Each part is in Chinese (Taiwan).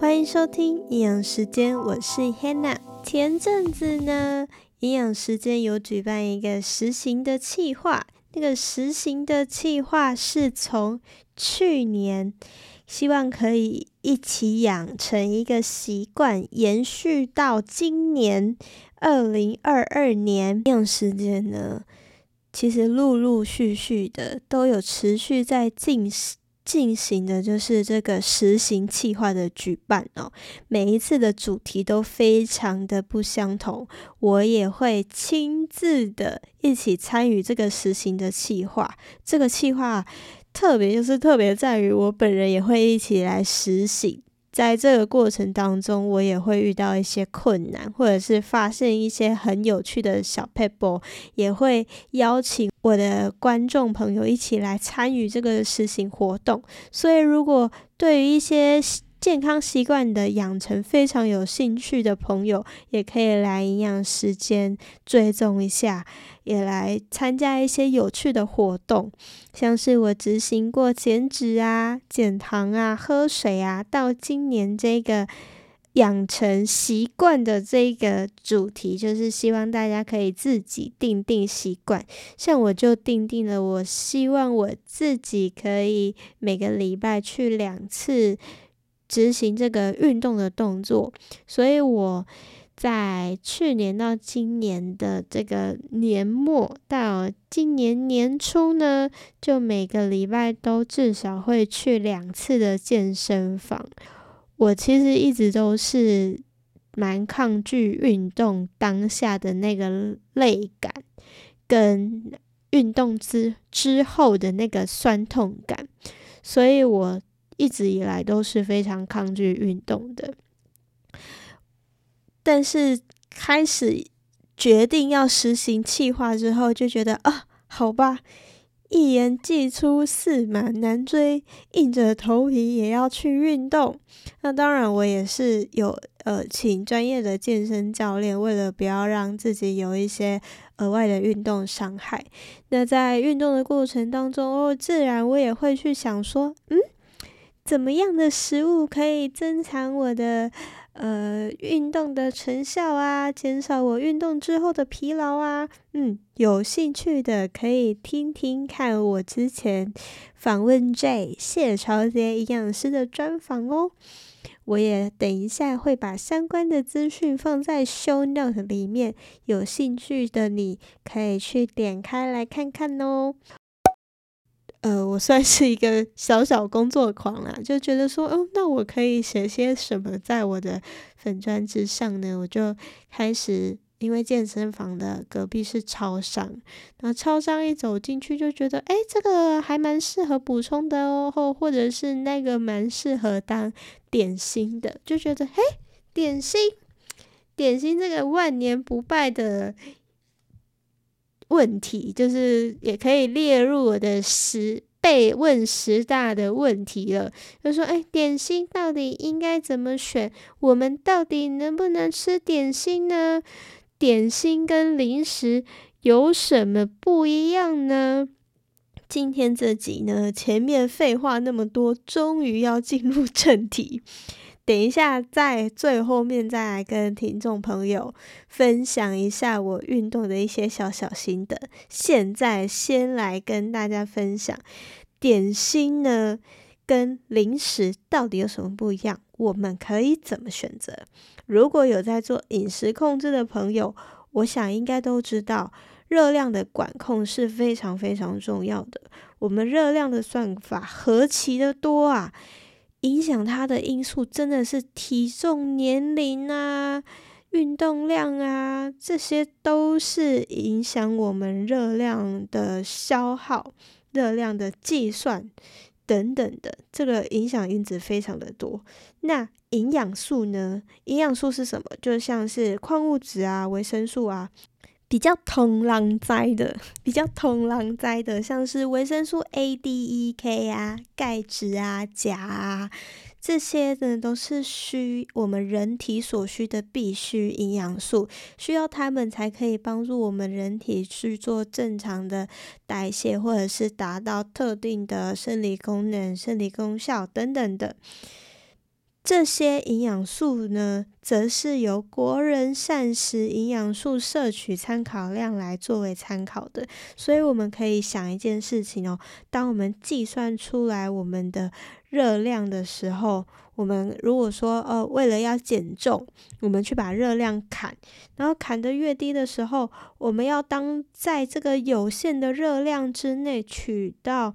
歡迎收聽營養食間，我是 Hannah。前陣子呢，營養食間有舉辦一個實行的企劃，那個實行的企劃是從去年，希望可以一起養成一個習慣，延續到今年二零二二年。營養食間呢，其實陸陸續續的都有持續在進行。進行的就是這個實行企劃的舉辦哦、喔，每一次的主題都非常的不相同，我也會親自的一起參與這個實行的企劃。這個企劃特別就是特別在於我本人也會一起來實行。在這個過程當中，我也會遇到一些困難，或者是發現一些很有趣的小撇步，也會邀請我的觀眾朋友一起來參與這個實行活動。所以，如果對於一些健康習慣的養成非常有興趣的朋友，也可以來營養食間追蹤一下，也來參加一些有趣的活動，像是我執行過減脂啊、減糖啊、喝水啊。到今年這個養成習慣的這個主題，就是希望大家可以自己訂定習慣。像我就訂定了我，我希望我自己可以每個禮拜去兩次。執行這個運動的動作，所以我在去年到今年的這個年末到今年年初呢，就每個禮拜都至少會去兩次的健身房。我其實一直都是蠻抗拒運動當下的那個累感，跟運動之之後的那個痠痛感，所以我。一直以來都是非常抗拒運動的，但是開始決定要實行企劃之後，就覺得啊，好吧，一言既出駟馬難追，硬着頭皮也要去運動。那當然，我也是有呃，請專業的健身教練，為了不要讓自己有一些額外的運動傷害。那在運動的過程當中，哦，自然我也會去想說，嗯。怎麼樣的食物可以增強我的呃運動的成效啊？減少我運動之後的疲勞啊？嗯，有興趣的可以聽聽看我之前訪問 J 謝朝杰營養師的專訪哦。我也等一下會把相關的資訊放在 Show Note 裡面，有興趣的你可以去點開來看看哦。呃，我算是一個小小工作狂啦、啊，就覺得說，哦、呃，那我可以寫些什麼在我的粉專之上呢？我就開始，因為健身房的隔壁是超商，然後超商一走進去就覺得，哎、欸，這個還蠻適合補充的哦，或或者是那個蠻適合當點心的，就覺得，嘿，點心，點心這個萬年不敗的。問題就是，也可以列入我的十被問十大的問題了。就說，哎、欸，點心到底應該怎麼選？我們到底能不能吃點心呢？點心跟零食有什麼不一樣呢？今天這集呢，前面廢話那麼多，終於要進入正題。等一下，在最後面再來跟聽眾朋友分享一下我運動的一些小小心得。現在先來跟大家分享，點心呢跟零食到底有什麼不一樣？我們可以怎麼選擇？如果有在做飲食控制的朋友，我想應該都知道，熱量的管控是非常非常重要的。我們熱量的算法何其的多啊！影響它的因素真的是體重、年齡啊、運動量啊，這些都是影響我們熱量的消耗、熱量的計算等等的。這個影響因子非常的多。那營養素呢？營養素是什麼？就像是礦物質啊、維生素啊。比較同狼在的，比較同狼在的，像是維生素 A、D、E、K 啊，鈣質啊、鉀啊，這些呢都是需我們人體所需的必需營養素，需要它們才可以幫助我們人體去做正常的代謝，或者是達到特定的生理功能、生理功效等等的。這些營養素呢，則是由國人膳食營養素攝取參考量來作為參考的。所以我們可以想一件事情哦，當我們計算出來我們的熱量的時候，我們如果說呃，為了要減重，我們去把熱量砍，然後砍得越低的時候，我們要當在這個有限的熱量之內取到。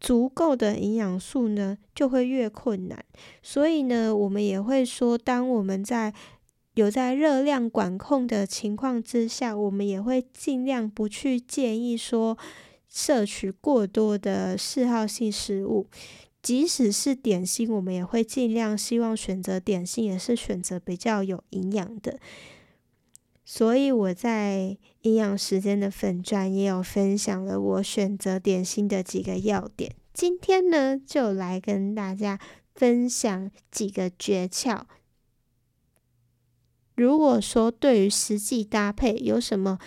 足夠的營養素呢，就會越困難。所以呢，我們也會說，當我們在有在熱量管控的情況之下，我們也會儘量不去建議說攝取過多的嗜好性食物，即使是點心，我們也會儘量希望選擇點心，也是選擇比較有營養的。所以我在營養食間的粉專也有分享了我選擇點心的幾個要點。今天呢，就來跟大家分享幾個訣竅。如果說，對於實際搭配有什麼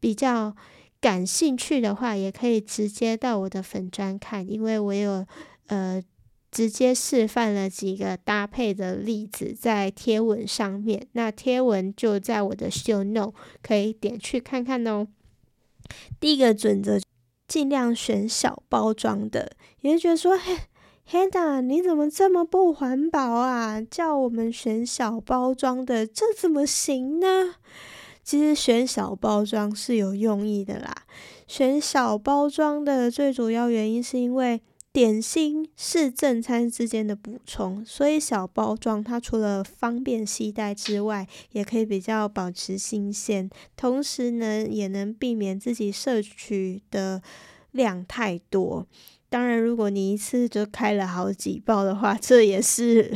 比較感興趣的話，也可以直接到我的粉專看，因為我有呃。直接示範了幾個搭配的例子在貼文上面，那貼文就在我的 show note，可以點去看看哦。第一個準則，盡量選小包裝的。有人覺得說：“嘿，Hannah，你怎麼這麼不環保啊？叫我們選小包裝的，這怎麼行呢？”其實選小包裝是有用意的啦。選小包裝的最主要原因是因為。點心是正餐之間的補充，所以小包裝它除了方便攜帶之外，也可以比較保持新鮮，同時呢，也能避免自己攝取的量太多。當然，如果你一次就開了好幾包的話，這也是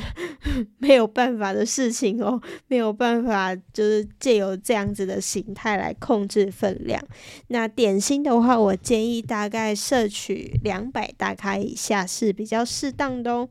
沒有辦法的事情哦，沒有辦法，就是借由這樣子的形態來控制分量。那點心的話，我建議大概攝取兩百大卡以下是比較適當的哦。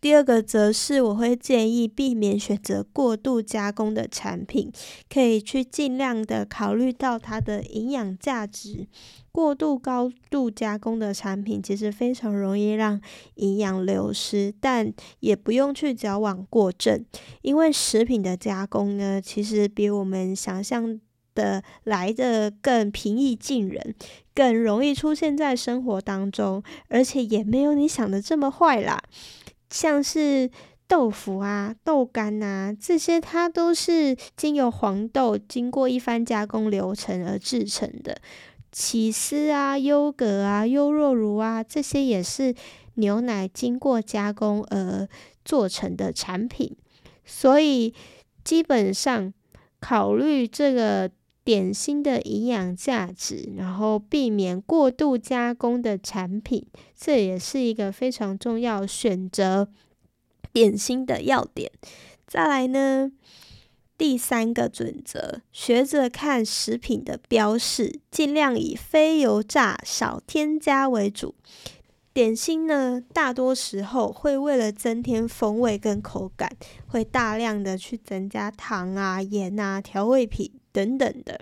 第二個則是我會建議避免選擇過度加工的產品，可以去盡量的考慮到它的營養價值。過度高度加工的產品其實非常容易讓營養流失，但也不用去矯枉過正，因為食品的加工呢，其實比我們想象的來的更平易近人，更容易出現在生活當中，而且也沒有你想的這麼壞啦。像是豆腐啊、豆乾吶、啊，這些它都是經由黃豆經過一番加工流程而製成的。起司啊、優格啊、優若乳啊，這些也是牛奶經過加工而做成的產品。所以，基本上考慮這個點心的營養價值，然後避免過度加工的產品，這也是一個非常重要選擇點心的要點。再來呢，第三個準則，學着看食品的標示，儘量以非油炸、少添加為主。點心呢，大多時候會為了增添風味跟口感，會大量的去增加糖啊、鹽啊、調味品，等等的，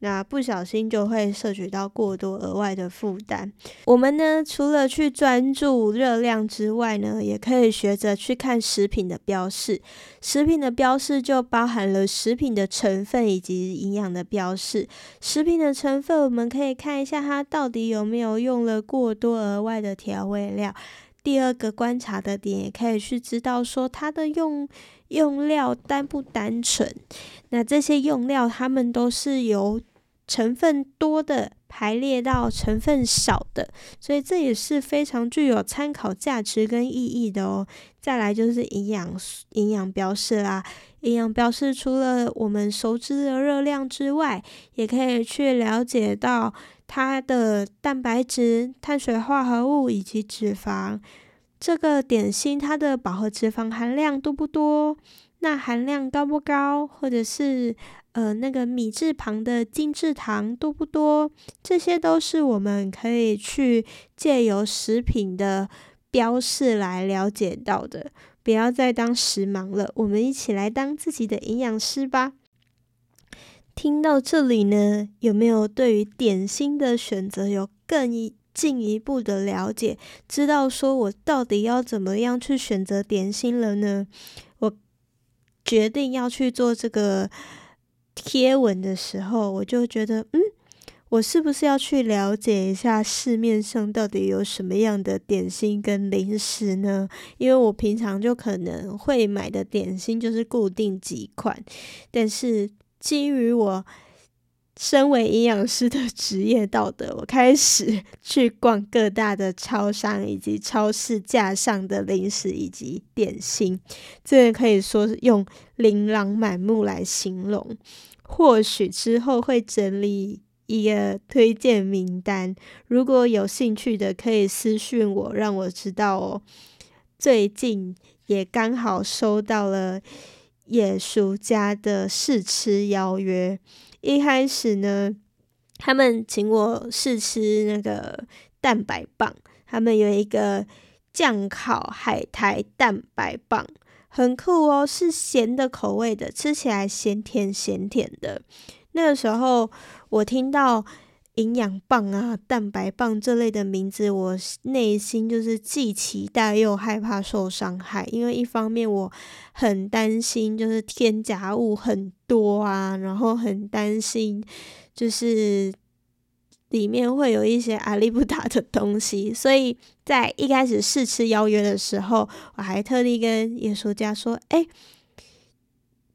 那不小心就會攝取到過多額外的負擔。我們呢，除了去專注熱量之外呢，也可以學着去看食品的標示。食品的標示就包含了食品的成分以及營養的標示。食品的成分，我們可以看一下它到底有沒有用了過多額外的調味料。第二個觀察的點，也可以去知道說它的用用料單不單純。那這些用料，它們都是由成分多的排列到成分少的，所以這也是非常具有參考價值跟意義的哦。再來就是營養營養標示啦，營養標示除了我們熟知的熱量之外，也可以去了解到。它的蛋白質、碳水化合物以及脂肪，這個點心它的飽和脂肪含量多不多？鈉含量高不高？或者是呃那個米字旁的精製糖多不多？這些都是我們可以去借由食品的標示來了解到的。不要再當食盲了，我們一起來當自己的營養師吧。聽到這裡呢，有沒有對於點心的選擇有更一進一步的了解？知道說我到底要怎麼樣去選擇點心了呢？我決定要去做這個貼文的時候，我就覺得，嗯，我是不是要去了解一下市面上到底有什麼樣的點心跟零食呢？因為我平常就可能會買的點心就是固定幾款，但是。基於我身為營養師的職業道德，我開始去逛各大的超商以及超市架上的零食以及點心，這可以說是用琳琅滿目來形容。或許之後會整理一個推薦名單，如果有興趣的可以私訊我，讓我知道哦。最近也剛好收到了。野叔家的試吃邀約，一開始呢，他們請我試吃那個蛋白棒，他們有一個醬烤海苔蛋白棒，很酷哦，是鹹的口味的，吃起來鹹甜鹹甜的。那個時候我聽到，營養棒啊，蛋白棒這類的名字，我內心就是既期待又害怕受傷害，因為一方面我很擔心就是添加物很多啊，然後很擔心就是裡面會有一些阿里不達的東西，所以在一開始試吃邀約的時候，我還特地跟演說家說：“哎、欸。”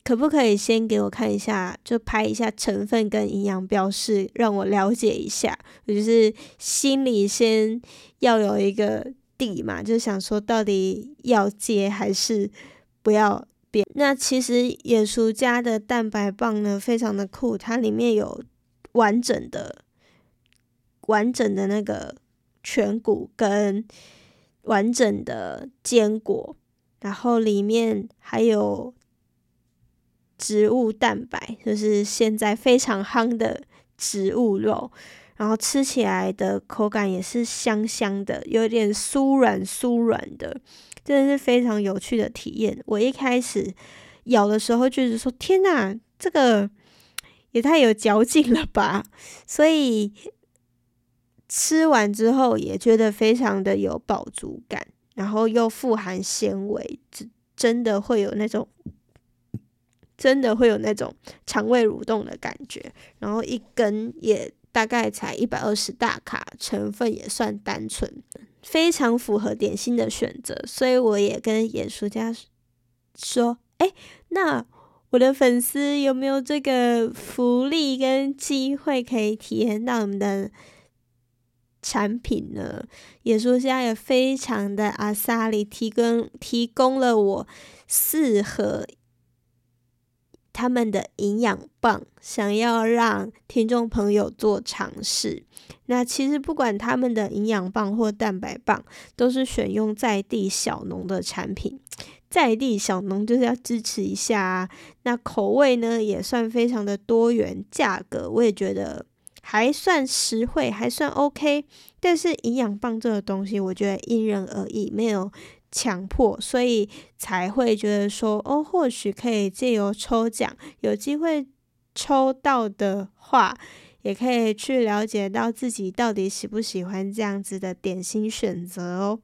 可不可以先給我看一下，就拍一下成分跟營養標示，讓我了解一下。我就是心裡先要有一個底嘛，就想說到底要接還是不要變。那其實野叔家的蛋白棒呢，非常的酷，它裡面有完整的、完整的那個全穀跟完整的堅果，然後裡面還有。植物蛋白就是現在非常夯的植物肉，然後吃起來的口感也是香香的，有點酥軟酥軟的，真的是非常有趣的體驗。我一開始咬的時候就是說：“天吶，這個也太有嚼勁了吧！”所以吃完之後也覺得非常的有飽足感，然後又富含纖維，真的會有那種。真的會有那種腸胃蠕動的感覺，然後一根也大概才一百二十大卡，成分也算單純，非常符合點心的選擇。所以我也跟野叔家說：“誒，那我的粉絲有沒有這個福利跟機會，可以體驗到我們的產品呢？”野叔家也非常的阿薩里提供提供了我四盒他們的營養棒想要讓聽眾朋友做嘗試，那其實不管他們的營養棒或蛋白棒，都是選用在地小農的產品。在地小農就是要支持一下啊，那口味呢也算非常的多元，價格我也覺得還算實惠，還算 OK。但是營養棒這個東西，我覺得因人而異，沒有強迫，所以才會覺得說，哦，或許可以借由抽獎，有機會抽到的話，也可以去了解到自己到底喜不喜歡這樣子的點心選擇哦。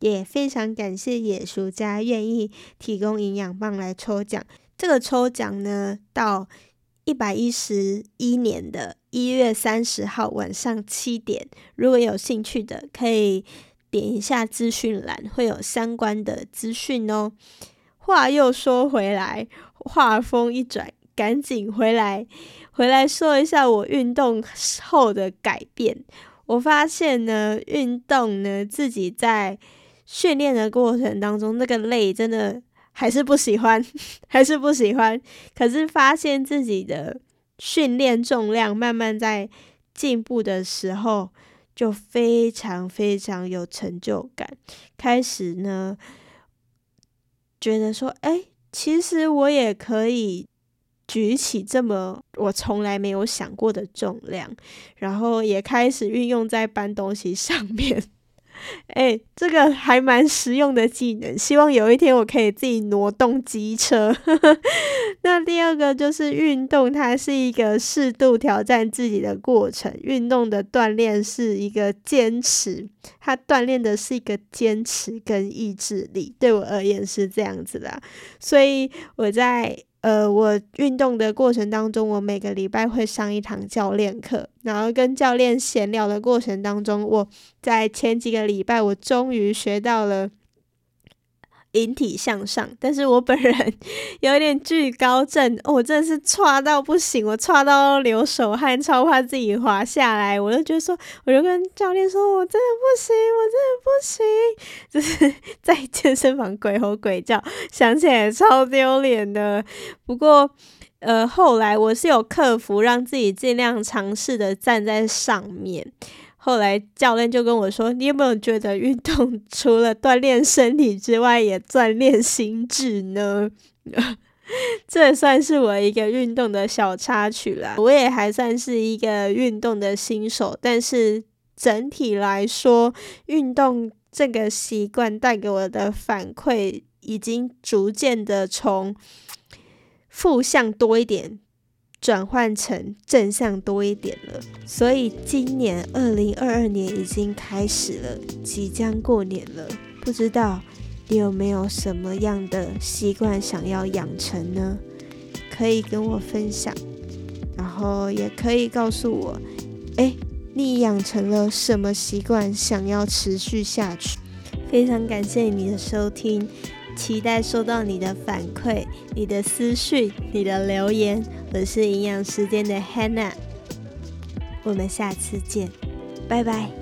也、yeah, 非常感謝野叔家願意提供營養棒來抽獎，這個抽獎呢，到一百一十一年的一月三十號晚上七點，如果有興趣的，可以。點一下資訊欄，會有相關的資訊哦。話又說回來，話鋒一轉，趕緊回來，回來說一下我運動後的改變。我發現呢，運動呢，自己在訓練的過程當中，那個累真的還是不喜歡，還是不喜歡。可是發現自己的訓練重量慢慢在進步的時候。就非常非常有成就感，開始呢，覺得說，哎、欸，其實我也可以舉起這麼我從來沒有想過的重量，然後也開始運用在搬東西上面。誒、欸，這個還蠻實用的技能，希望有一天我可以自己挪動機車。 那第二個就是運動，它是一個適度挑戰自己的過程。運動的鍛鍊是一個堅持，它鍛鍊的是一個堅持跟意志力。對我而言是這樣子的，所以我在。呃，我運動的過程當中，我每個禮拜會上一堂教練課，然後跟教練閒聊的過程當中，我在前幾個禮拜，我終於學到了，引體向上，但是我本人有點懼高症，我真的是挫到不行，我挫到流手汗，超怕自己滑下來，我就覺得說，我就跟教練說，我真的不行，我真的不行，就是在健身房鬼吼鬼叫，想起來超丟臉的。不過，呃，後來我是有克服，讓自己盡量嘗試的站在上面。後來教練就跟我說：“你有沒有覺得運動除了鍛鍊身體之外，也鍛鍊心志呢？” 這算是我一個運動的小插曲啦。我也還算是一個運動的新手，但是整體來說，運動這個習慣帶給我的反饋，已經逐漸的從負向多一點。轉換成正向多一點了，所以今年二零二二年已經開始了，即將過年了。不知道你有沒有什麼樣的習慣想要養成呢？可以跟我分享，然後也可以告訴我、欸，你養成了什麼習慣想要持續下去？非常感謝你的收聽，期待收到你的反饋、你的私訊、你的留言。我是營養食間的 Hannah，我們下次見，拜拜。